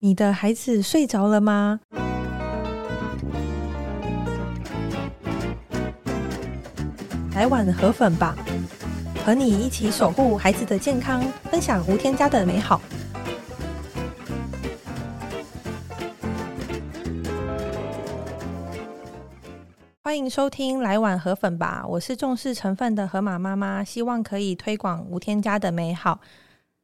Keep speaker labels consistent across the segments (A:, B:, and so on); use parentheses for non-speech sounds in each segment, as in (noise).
A: 你的孩子睡着了嗎？來晚河粉吧，和你一起守護孩子的健康，分享無添加的美好。歡迎收聽《來晚河粉吧》，我是重視成分的河馬媽媽，希望可以推廣無添加的美好。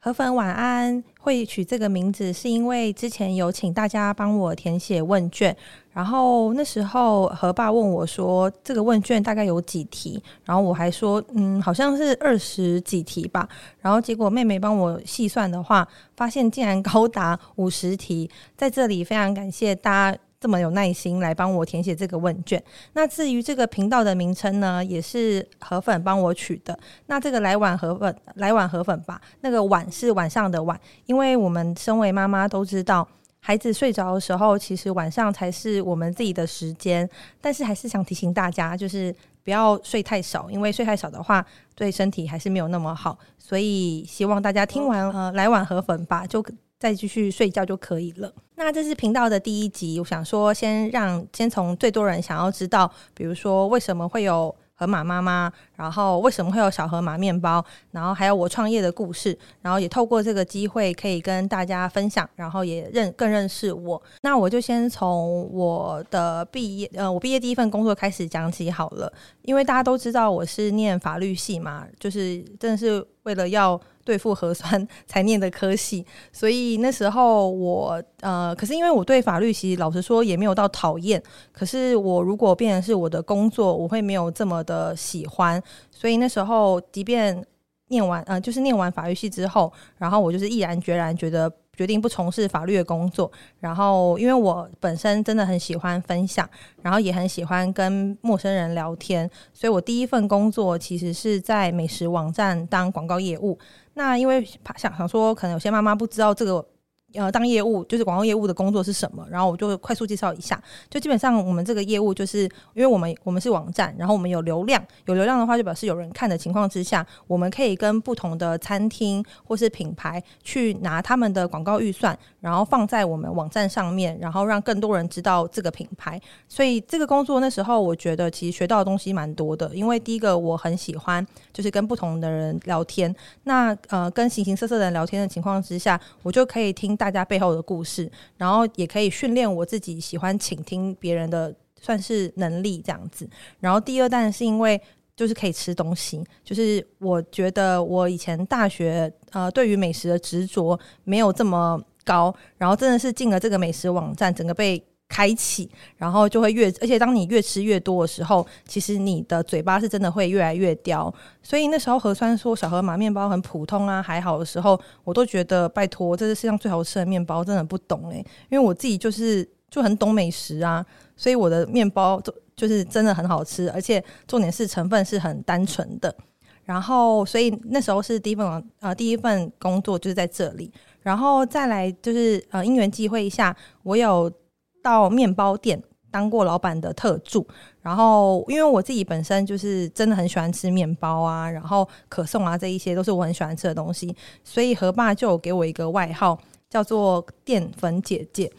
A: 河粉晚安，會取這個名字是因為之前有請大家幫我填寫問卷，然後那時候河爸問我說，這個問卷大概有幾題，然後我還說嗯，好像是二十幾題吧，然後結果妹妹幫我細算的話，發現竟然高達五十題。在這裡非常感謝大家，這麼有耐心來幫我填寫這個問卷。那至於這個頻道的名稱呢，也是河粉幫我取的。那這個來晚河粉，來晚河粉吧。那個晚是晚上的晚，因為我們身為媽媽都知道，孩子睡着的時候，其實晚上才是我們自己的時間。但是還是想提醒大家，就是不要睡太少，因為睡太少的話，對身體還是沒有那麼好。所以希望大家聽完 Okay. 呃，來晚河粉吧，就。再繼續睡覺就可以了。那這是頻道的第一集，我想說，先讓先從最多人想要知道，比如說為什麼會有河馬媽媽，然後為什麼會有小河馬麵包，然後還有我創業的故事，然後也透過這個機會可以跟大家分享，然後也認更認識我。那我就先從我的畢業，呃，我畢業第一份工作開始講起好了，因為大家都知道我是念法律系嘛，就是真的是為了要。對付河酸才念的科系，所以那時候我呃，可是因為我對法律其實老實說也沒有到討厭，可是我如果變成是我的工作，我會沒有這麼的喜歡。所以那時候，即便念完呃，就是念完法律系之後，然後我就是毅然決然覺得。決定不從事法律的工作，然後因為我本身真的很喜歡分享，然後也很喜歡跟陌生人聊天，所以我第一份工作其實是在美食網站當廣告業務。那因為想想說，可能有些媽媽不知道這個。呃，當業務就是廣告業務的工作是什麼？然後我就快速介紹一下。就基本上我們這個業務，就是因為我們我們是網站，然後我們有流量，有流量的話就表示有人看的情況之下，我們可以跟不同的餐廳或是品牌去拿他們的廣告預算，然後放在我們網站上面，然後讓更多人知道這個品牌。所以這個工作那時候我覺得其實學到的東西蠻多的，因為第一個我很喜歡就是跟不同的人聊天。那呃，跟形形色色的人聊天的情況之下，我就可以聽大。大家背後的故事，然後也可以訓練我自己喜歡傾聽別人的算是能力這樣子。然後第二當然是因為就是可以吃東西，就是我覺得我以前大學呃對於美食的執着沒有這麼高，然後真的是進了這個美食網站，整個被。開啟，然後就會越，而且當你越吃越多的時候,其實你的嘴巴是真的會越來越刁。所以那時候河酸說小河馬麵包很普通啊、還好的時候，我都覺得拜託，這是世上最好吃的麵包，真的不懂誒、欸。因為我自己就是就很懂美食啊，所以我的麵包就就是真的很好吃，而且重點是成分是很單純的。然後，所以那時候是第一份工啊、呃，第一份工作就是在這裡，然後再來就是呃因緣際會一下，我有。到麵包店當過老闆的特助，然後因為我自己本身就是真的很喜歡吃麵包啊，然後可頌啊，這一些都是我很喜歡吃的東西，所以河爸就給我一個外號叫做澱粉姐姐，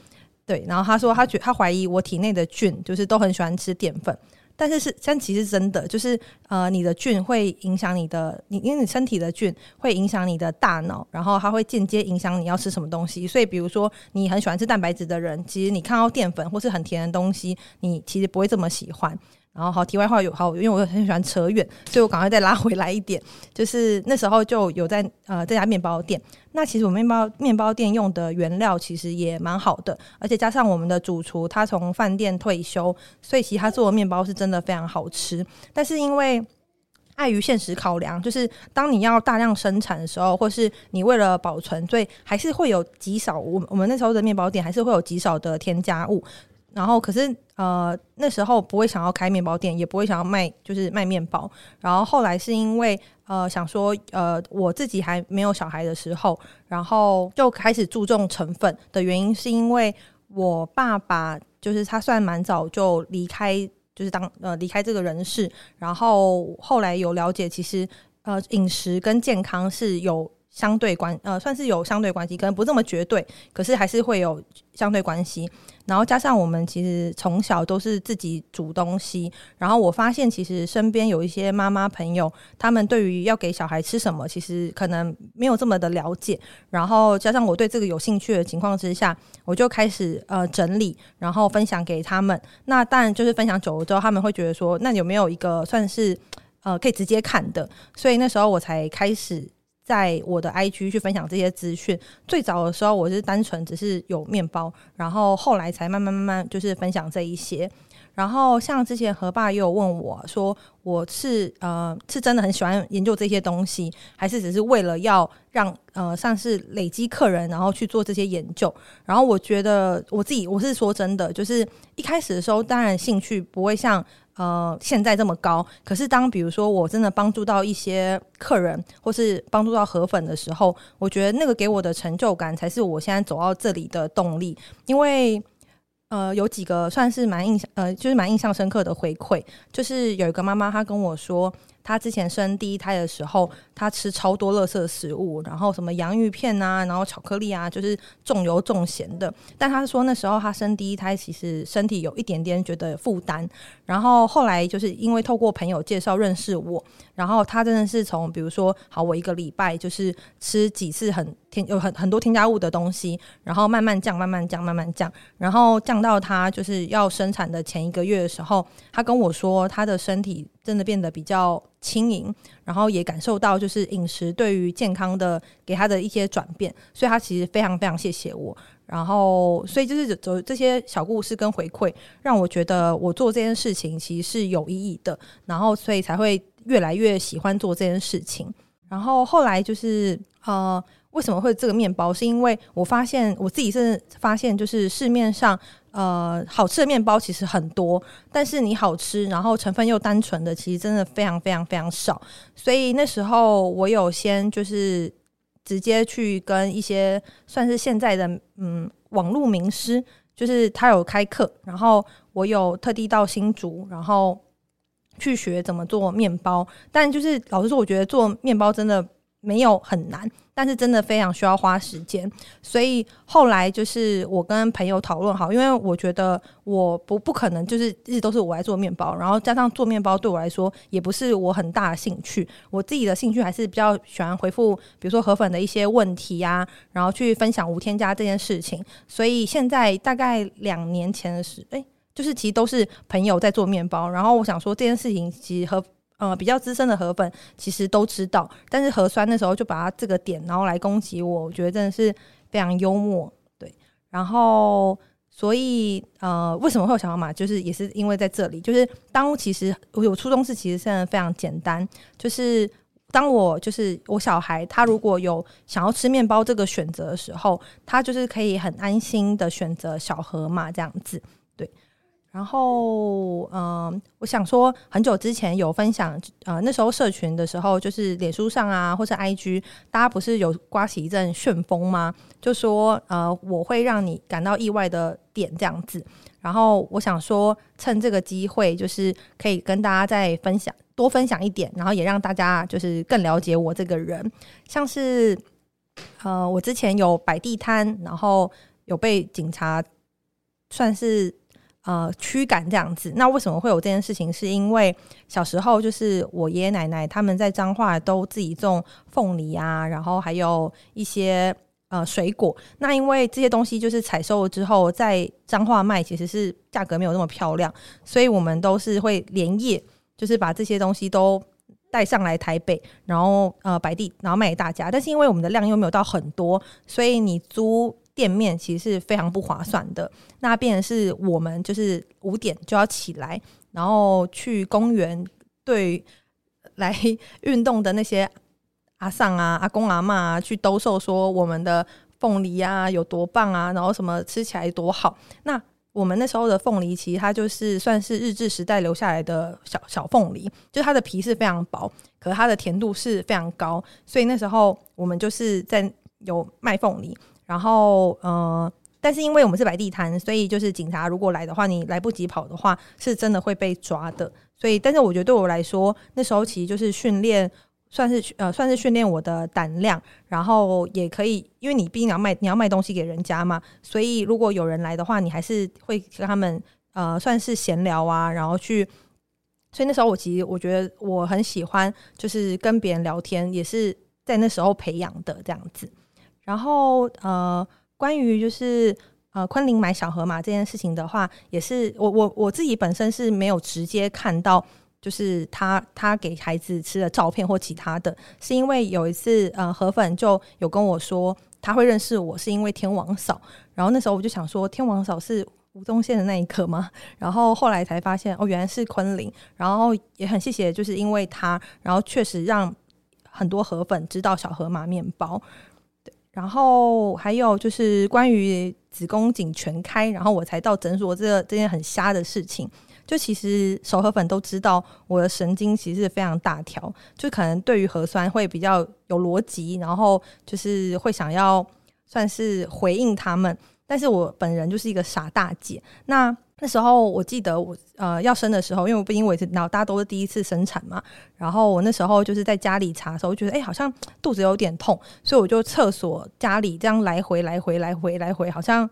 A: 對，然後他說他覺他懷疑我體內的菌就是都很喜歡吃澱粉。但是是，但其實真的就是，呃，你的菌會影響你的，你因為你身體的菌會影響你的大腦，然後它會間接影響你要吃什麼東西。所以，比如說，你很喜歡吃蛋白質的人，其實你看到澱粉或是很甜的東西，你其實不會這麼喜歡。然後好，題外話有好，因為我很喜歡扯遠，所以我趕快再拉回來一點。就是那時候就有在呃這家麵包店，那其實我們麵包麵包店用的原料其實也蠻好的，而且加上我們的主廚他從飯店退休，所以其實他做的麵包是真的非常好吃。但是因為礙於現實考量，就是當你要大量生產的時候，或是你為了保存，所以還是會有極少。我我們那時候的麵包店還是會有極少的添加物。然後，可是呃那時候不會想要開麵包店，也不會想要賣就是賣麵包。然後後來是因為呃想說呃我自己還沒有小孩的時候，然後就開始注重成分的原因，是因為我爸爸就是他算蠻早就離開，就是當呃離開這個人世。然後後來有了解，其實呃飲食跟健康是有。相對關呃，算是有相對關係，可能不這麼絕對，可是還是會有相對關係。然後加上我們其實從小都是自己煮東西，然後我發現其實身邊有一些媽媽朋友，他們對於要給小孩吃什麼，其實可能沒有這麼的了解。然後加上我對這個有興趣的情況之下，我就開始呃整理，然後分享給他們。那當然就是分享久了之後，他們會覺得說，那有沒有一個算是呃可以直接看的？所以那時候我才開始。在我的 IG 去分享這些資訊，最早的時候我是單純只是有面包，然後後來才慢慢慢慢就是分享這一些。然後像之前何爸又有問我說，我是呃是真的很喜歡研究這些東西，還是只是為了要讓呃像是累積客人，然後去做這些研究？然後我覺得我自己我是說真的，就是一開始的時候，當然興趣不會像。呃，現在這麼高，可是當比如說我真的幫助到一些客人，或是幫助到河粉的時候，我覺得那個給我的成就感才是我現在走到這裡的動力。因為呃，有幾個算是蠻印象，呃，就是蠻印象深刻的回饋，就是有一個媽媽她跟我說，她之前生第一胎的時候。他吃超多垃圾食物，然後什麼洋芋片啊，然後巧克力啊，就是重油重鹹的。但他說那時候他生第一胎，其實身體有一點點覺得負擔。然後後來就是因為透過朋友介紹認識我，然後他真的是從比如說，好，我一個禮拜就是吃幾次很添有很有很多添加物的東西，然後慢慢降，慢慢降，慢慢降，然後降到他就是要生產的前一個月的時候，他跟我說他的身體真的變得比較輕盈，然後也感受到就是。就是飲食對於健康的，給他的一些轉變，所以他其實非常非常謝謝我。然後，所以就是走這些小故事跟回饋，讓我覺得我做這件事情其實是有意義的。然後，所以才會越來越喜歡做這件事情。然後後來就是呃，為什麼會這個麵包？是因為我發現我自己是發現，就是市面上。呃，好吃的麵包其實很多，但是你好吃，然後成分又單純的，其實真的非常非常非常少。所以那時候我有先就是直接去跟一些算是現在的嗯網絡名師，就是他有開課，然後我有特地到新竹，然後去學怎麼做麵包。但就是老實說，我覺得做麵包真的。沒有很難，但是真的非常需要花時間。所以後來就是我跟朋友討論好，因為我覺得我不不可能就是一直都是我來做面包，然後加上做面包對我來說也不是我很大的興趣。我自己的興趣還是比較喜歡回復，比如說河粉的一些問題啊，然後去分享無添加這件事情。所以現在大概兩年前的事，誒，就是其實都是朋友在做面包，然後我想說這件事情其實和。呃，比較資深的河粉其實都知道，但是河酸的時候就把它這個點，然後來攻擊我，我覺得真的是非常幽默，對。然後，所以呃，為什麼會有小河馬？就是也是因為在這裡，就是當其實我有初衷是，其實現在非常簡單，就是當我就是我小孩他如果有想要吃面包這個選擇的時候，他就是可以很安心的選擇小河馬，這樣子。然後，嗯、呃，我想說，很久之前有分享，呃，那時候社群的時候，就是臉書上啊，或是 IG，大家不是有刮起一陣旋風嗎？就說，呃，我會讓你感到意外的點這樣子。然後我想說，趁這個機會，就是可以跟大家再分享多分享一點，然後也讓大家就是更了解我這個人。像是，呃，我之前有擺地攤，然後有被警察算是。呃，驅趕這樣子，那為什麼會有這件事情？是因為小時候就是我爺爺奶奶他們在彰化都自己種鳳梨啊，然後還有一些呃，水果。那因為這些東西就是採收了之後在彰化賣，其實是價格沒有那麼漂亮，所以我們都是會連夜就是把這些東西都帶上來台北，然後呃，擺地，然後賣給大家。但是因為我們的量又沒有到很多，所以你租店面其實是非常不划算的。那便是我們就是五點就要起來，然後去公園對來運動的那些阿桑啊、阿公阿嬤啊，去兜售說我們的鳳梨啊有多棒啊，然後什麼吃起來多好。那我們那時候的鳳梨，其實它就是算是日治時代留下來的小小鳳梨，就它的皮是非常薄，可是它的甜度是非常高，所以那時候我們就是在有賣鳳梨。然後，呃，但是因為我們是擺地攤，所以就是警察，如果來的話，你來不及跑的話，是真的會被抓的。所以，但是我覺得對我來說，那時候其實就是訓練，算是呃，算是訓練我的膽量。然後也可以，因為你畢竟要賣，你要賣東西給人家嘛。所以如果有人來的話，你還是會跟他們呃，算是閒聊啊，然後去。所以那時候我其實我覺得我很喜歡，就是跟別人聊天，也是在那時候培養的這樣子。然後呃，關於就是呃，昆凌買小河馬這件事情的話，也是我我我自己本身是沒有直接看到，就是他他給孩子吃的照片或其他的，是因為有一次呃，河粉就有跟我說他會認識我，是因為天王嫂。然後那時候我就想說，天王嫂是吳宗憲的那一刻嗎？然後後來才發現哦，原來是昆凌。然後也很謝謝，就是因為他，然後確實讓很多河粉知道小河馬麵包。然後還有就是關於子宮頸全開，然後我才到診所這這件很瞎的事情，就其實河粉都知道我的神經其實是非常大條，就可能對於河酸會比較有邏輯，然後就是會想要算是回應他們，但是我本人就是一個傻大姐，那。那時候我記得我呃要生的時候，因為不因為是老大，都是第一次生產嘛。然後我那時候就是在家裡查的時候，我覺得誒、欸、好像肚子有點痛，所以我就廁所家裡這樣來回來回來回來回好像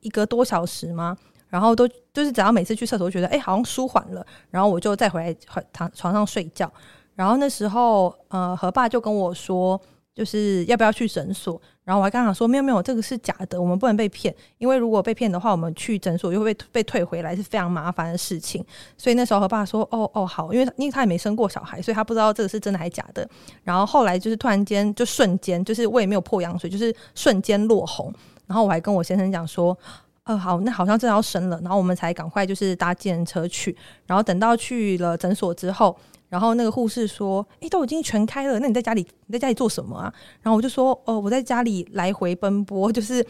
A: 一個多小時嘛。然後都就是只要每次去廁所，覺得誒、欸、好像舒緩了，然後我就再回來躺床上睡覺。然後那時候呃何爸就跟我說。就是要不要去診所？然後我還剛剛說沒有沒有，這個是假的，我們不能被騙。因為如果被騙的話，我們去診所又會被被退回來，是非常麻煩的事情。所以那時候和爸說，哦、哦、好，因為因為他也沒生過小孩，所以他不知道這個是真的還是假的。然後後來就是突然間就瞬間，就是我也沒有破羊水，就是瞬間落紅。然後我還跟我先生講說，哦、呃，好，那好像真的要生了。然後我們才趕快就是搭計程車去。然後等到去了診所之後。然後那個護士說：“哎，都已經全開了，那你在家裡你在家裡做什麼啊？”然後我就說：“哦，我在家裡來回奔波，就是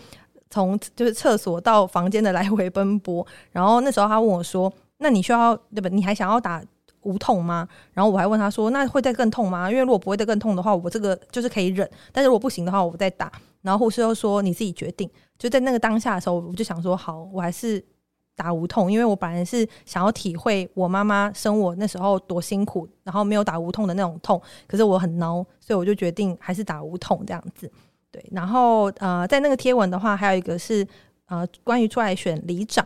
A: 從就是廁所到房間的來回奔波。”然後那時候他問我說：“那你需要對吧？你還想要打無痛嗎？”然後我還問他說：“那會再更痛嗎？因為如果不會再更痛的話，我這個就是可以忍。但是如果不行的話，我再打。”然後護士又說：“你自己決定。”就在那個當下的時候，我就想說：“好，我還是。”打無痛，因為我本來是想要體會我媽媽生我那時候多辛苦，然後沒有打無痛的那種痛。可是我很孬，所以我就決定還是打無痛這樣子。對，然後呃，在那個貼文的話，還有一個是呃，關於出來選里長。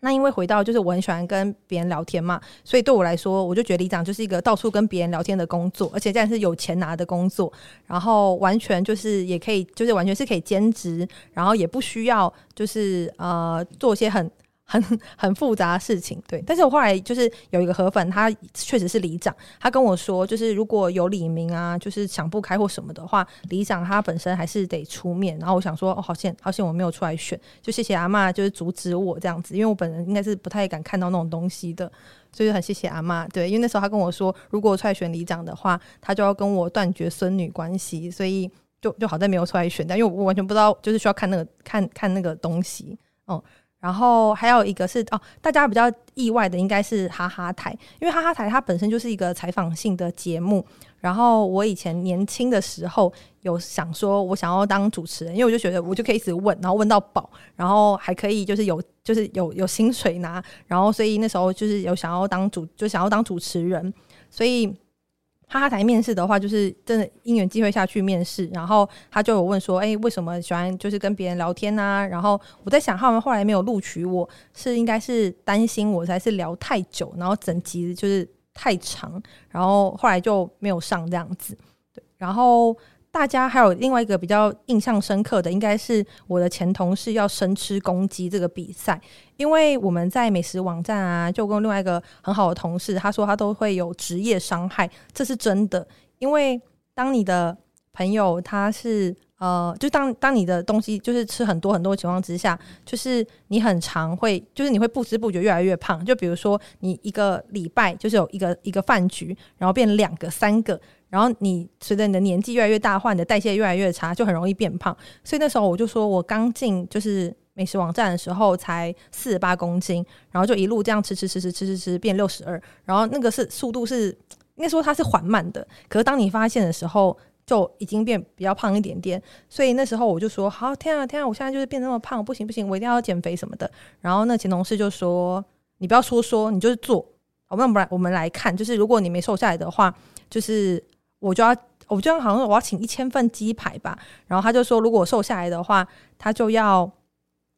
A: 那因為回到就是我很喜歡跟別人聊天嘛，所以對我來說，我就覺得里長就是一個到處跟別人聊天的工作，而且這樣是有錢拿的工作，然後完全就是也可以，就是完全是可以兼職，然後也不需要就是呃做些很。很很複雜的事情，對。但是我後來就是有一個河粉，他確實是里長，他跟我說，就是如果有里民啊，就是想不開或什麼的話，里長他本身還是得出面。然後我想說，哦，好險好險我沒有出來選，就謝謝阿嬤，就是阻止我這樣子，因為我本人應該是不太敢看到那種東西的，所以就很謝謝阿嬤。對，因為那時候他跟我說，如果我出來選里長的話，他就要跟我斷絕孫女關係，所以就就好在沒有出來選。但因為我完全不知道，就是需要看那個看看那個東西哦。嗯然後還有一個是哦，大家比較意外的應該是哈哈台，因為哈哈台它本身就是一個採訪性的節目。然後我以前年輕的時候有想說，我想要當主持人，因為我就覺得我就可以一直問，然後問到飽，然後還可以就是有就是有有薪水拿，然後所以那時候就是有想要當主，就想要當主持人，所以。哈哈台面試的話，就是真的因緣機會下去面試，然後他就有問說：“哎、欸，為什麼喜歡就是跟別人聊天啊？”然後我在想，他們後來沒有錄取我，是應該是擔心我才是聊太久，然後整集就是太長，然後後來就沒有上這樣子。對，然後。大家還有另外一個比較印象深刻的，應該是我的前同事，要生吃公雞這個比賽。因為我們在美食網站啊，就跟另外一個很好的同事，他說他都會有職業傷害，這是真的。因為當你的朋友他是呃，就當當你的東西就是吃很多很多情況之下，就是你很常會，就是你會不知不覺越來越胖。就比如說你一個禮拜就是有一個一個飯局，然後變兩個三個。然後你隨着你的年紀越來越大的話，化你的代謝越來越差，就很容易變胖。所以那時候我就說，我剛進就是美食網站的時候才四十八公斤，然後就一路這樣吃吃吃吃吃吃吃變六十二。然後那個是速度是那時候它是緩慢的，可是當你發現的時候就已經變比較胖一點點。所以那時候我就說，好天啊天啊，我現在就是變那麼胖，不行不行，我一定要減肥什麼的。然後那前同事就說，你不要說說，你就是做。我們來我們來看，就是如果你沒瘦下來的話，就是。我就要，我就要，好像我要請一千份雞排吧。然後他就說，如果我瘦下來的話，他就要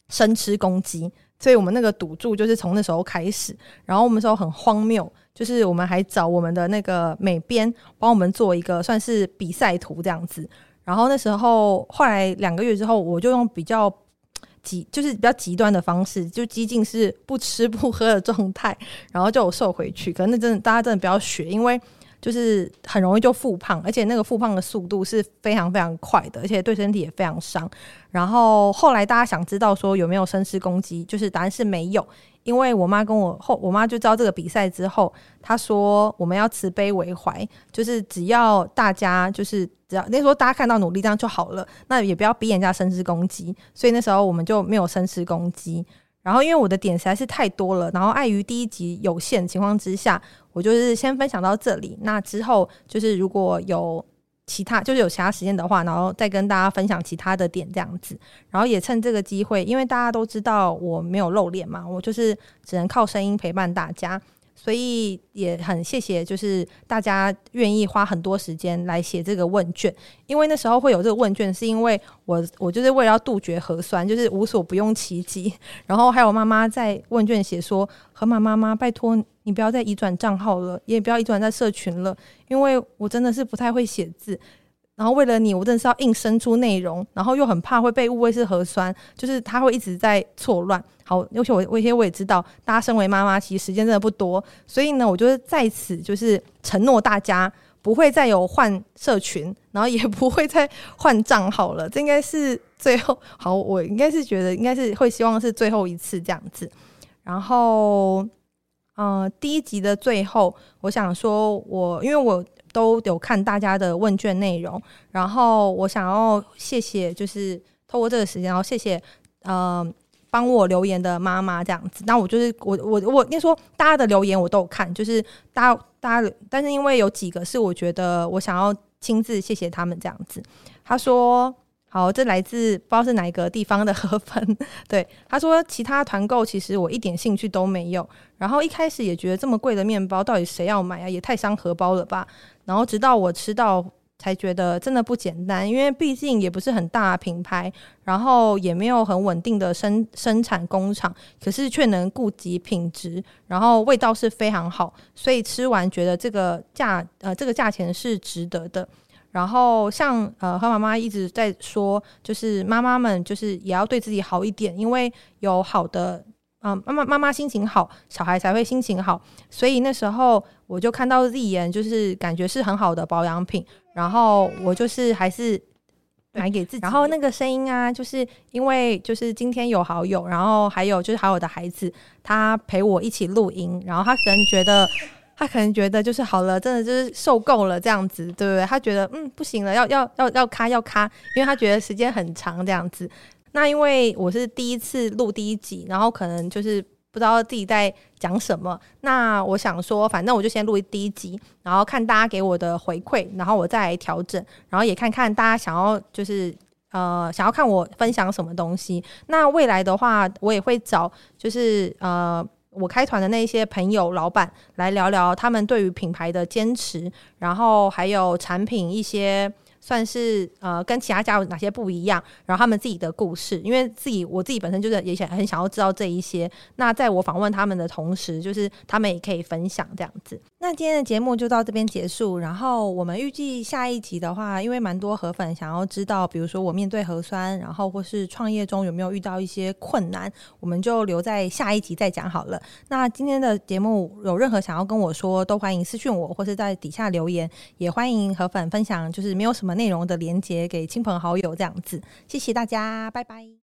A: 生吃公雞。所以我們那個賭注就是從那時候開始。然後我們時候很荒謬，就是我們還找我們的那個美編幫我們做一個算是比賽圖這樣子。然後那時候，後來兩個月之後，我就用比較極，就是比較極端的方式，就接近是不吃不喝的狀態，然後就我瘦回去。可能那真的，大家真的不要學，因為。就是很容易就復胖，而且那個復胖的速度是非常非常快的，而且對身體也非常傷。然後後來大家想知道說有沒有生師攻擊，就是答案是沒有，因為我媽跟我後，我媽就知道這個比賽之後，她說我們要慈悲為懷，就是只要大家就是只要那時候大家看到努力這樣就好了，那也不要逼人家生師攻擊，所以那時候我們就沒有生師攻擊。然後，因為我的點實在是太多了，然後礙於第一集有限情況之下，我就是先分享到這裡。那之後就是如果有其他，就是有其他時間的話，然後再跟大家分享其他的點這樣子。然後也趁這個機會，因為大家都知道我沒有露臉嘛，我就是只能靠聲音陪伴大家。所以也很謝謝，就是大家願意花很多時間來寫這個問卷，因為那時候會有這個問卷，是因為我我就是為了要杜絕河酸，就是無所不用其極。然後還有媽媽在問卷寫說：“河馬媽媽，拜託你不要再移轉賬號了，也不要移轉在社群了，因為我真的是不太會寫字。”然後為了你，我真的是要硬生出內容，然後又很怕會被誤會是河酸，就是他會一直在錯亂。好，尤其我我一些我也知道，大家身為媽媽，其實時間真的不多，所以呢，我就是在此就是承諾大家，不會再有換社群，然後也不會再換賬號了。這應該是最後，好，我應該是覺得應該是會希望是最後一次這樣子。然後，嗯、呃，第一集的最後，我想說我，因為我。都有看大家的問卷內容，然後我想要謝謝，就是透過這個時間，然後謝謝，嗯、呃，幫我留言的媽媽這樣子。那我就是我我我，跟你說大家的留言我都有看，就是大家，大家，但是因為有幾個是我覺得我想要親自謝謝他們這樣子。他說：“好，這來自不知道是哪一個地方的河粉。 (laughs) ”對，他說：“其他團購其實我一點興趣都沒有，然後一開始也覺得這麼貴的麵包到底誰要買啊？也太傷荷包了吧。”然後直到我吃到，才覺得真的不簡單，因為畢竟也不是很大品牌，然後也沒有很穩定的生生產工廠，可是卻能顧及品質，然後味道是非常好，所以吃完覺得這個價呃這個價錢是值得的。然後像呃河媽媽一直在說，就是媽媽們就是也要對自己好一點，因為有好的。嗯，媽媽媽媽心情好，小孩才會心情好。所以那時候我就看到自言就是感覺是很好的保養品。然後我就是還是買給自己。然後那個聲音啊，就是因為就是今天有好友，然後還有就是好友的孩子，他陪我一起錄音。然後他可能覺得，他可能覺得就是好了，真的就是受夠了這樣子，對不對？他覺得嗯不行了，要要要要卡要卡，因為他覺得時間很長這樣子。那因為我是第一次錄第一集，然後可能就是不知道自己在講什麼。那我想說，反正我就先錄第一集，然後看大家給我的回饋，然後我再來調整，然後也看看大家想要就是呃想要看我分享什麼東西。那未來的話，我也會找就是呃我開團的那些朋友、老闆來聊聊他們對於品牌的堅持，然後還有產品一些。算是呃，跟其他家有哪些不一樣，然後他們自己的故事，因為自己我自己本身就是也想很想要知道這一些。那在我訪問他們的同時，就是他們也可以分享這樣子。那今天的節目就到這邊結束，然後我們預計下一集的話，因為蠻多河粉想要知道，比如說我面對河酸，然後或是創業中有沒有遇到一些困難，我們就留在下一集再講好了。那今天的節目有任何想要跟我說，都歡迎私訊我，或是在底下留言，也歡迎河粉分享，就是沒有什麼。內容的連結給親朋好友，這樣子，謝謝大家，拜拜。